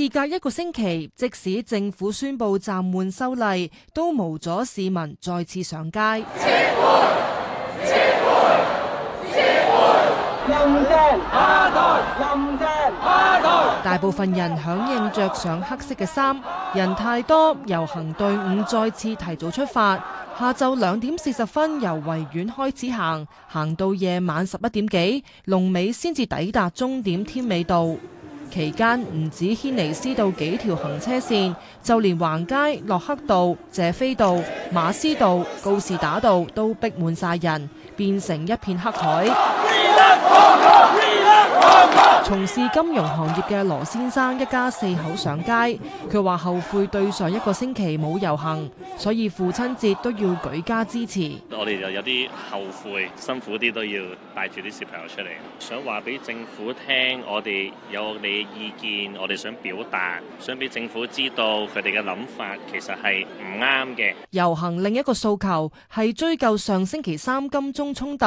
事隔一個星期，即使政府宣布暫緩修例，都無阻市民再次上街。撤回！撤回！撤回！林鄭下台！林鄭下台！大部分人響應着上黑色嘅衫，人太多，遊行隊伍再次提早出發。下晝兩點四十分由維園開始行，行到夜晚十一點幾，龍尾先至抵達終點添美道。期間唔止軒尼詩道幾條行車線，就連橫街、駱克道、謝斐道、馬師道、告士打道都逼滿晒人，變成一片黑海。從事金融行業嘅羅先生一家四口上街，佢話後悔對上一個星期冇遊行，所以父親節都要舉家支持。我哋就有啲後悔，辛苦啲都要帶住啲小朋友出嚟，想話俾政府聽，我哋有我哋嘅意見，我哋想表達，想俾政府知道佢哋嘅諗法其實係唔啱嘅。遊行另一個訴求係追究上星期三金鐘衝突。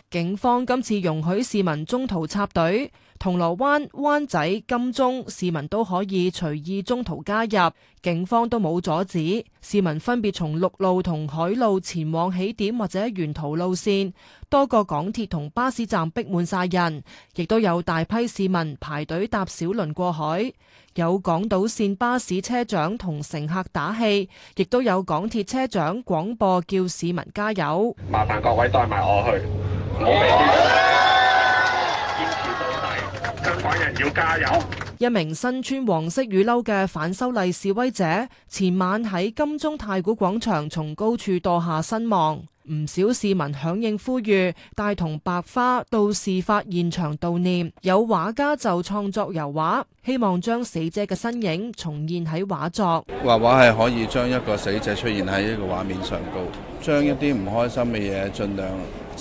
警方今次容許市民中途插隊，銅鑼灣、灣仔、金鐘，市民都可以隨意中途加入，警方都冇阻止。市民分別從陸路同海路前往起點或者沿途路線，多個港鐵同巴士站逼滿晒人，亦都有大批市民排隊搭小輪過海。有港島線巴士車長同乘客打氣，亦都有港鐵車長廣播叫市民加油。麻煩各位帶埋我去。堅持到底，香港人要加油！一名身穿黃色雨褸嘅反修例示威者前晚喺金鐘太古廣場從高處墮下身亡，唔少市民響應呼籲，帶同白花到事發現場悼念。有畫家就創作油畫，希望將死者嘅身影重現喺畫作。畫畫係可以將一個死者出現喺一個畫面上高，將一啲唔開心嘅嘢盡量。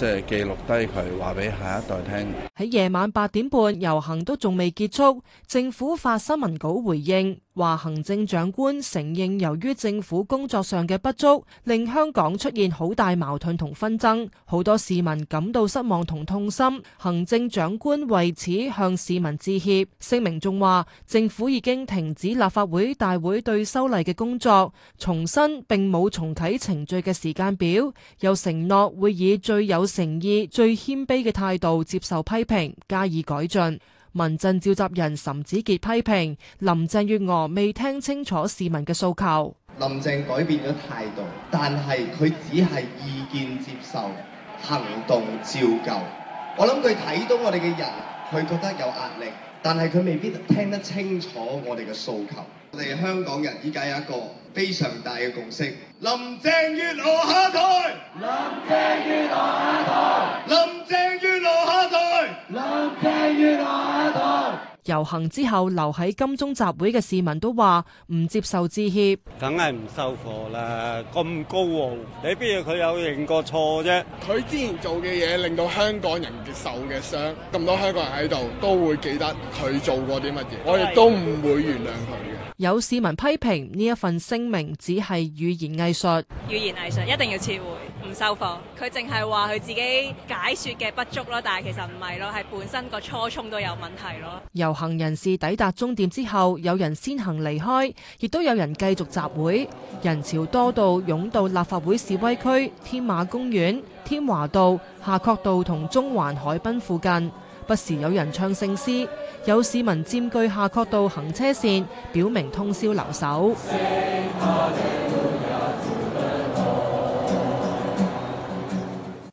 即係記錄低佢話俾下一代聽。喺夜晚八點半，遊行都仲未結束，政府發新聞稿回應，話行政長官承認由於政府工作上嘅不足，令香港出現好大矛盾同紛爭，好多市民感到失望同痛心。行政長官為此向市民致歉。聲明仲話，政府已經停止立法會大會對修例嘅工作，重申並冇重啟程序嘅時間表，又承諾會以最有。誠意最謙卑嘅態度接受批評，加以改進。民陣召集人岑子杰批評林鄭月娥未聽清楚市民嘅訴求。林鄭改變咗態度，但係佢只係意見接受，行動照舊。我諗佢睇到我哋嘅人，佢覺得有壓力，但係佢未必聽得清楚我哋嘅訴求。我哋香港人依家有一個非常大嘅共識：林鄭月娥下台。林鄭月娥。遊行之後留喺金鐘集會嘅市民都話：唔接受致歉，梗係唔收貨啦！咁高傲，你邊度佢有認過錯啫？佢之前做嘅嘢令到香港人受嘅傷，咁多香港人喺度都會記得佢做過啲乜嘢，我亦都唔會原諒佢。有市民批評呢一份聲明只係語言藝術，語言藝術一定要撤回，唔收貨。佢淨係話佢自己解説嘅不足咯，但係其實唔係咯，係本身個初衷都有問題咯。遊行人士抵達終點之後，有人先行離開，亦都有人繼續集會，人潮多到擁到立法會示威區、添馬公園、添華道、夏慤道同中環海濱附近。不時有人唱聖詩，有市民佔據夏慤道行車線，表明通宵留守。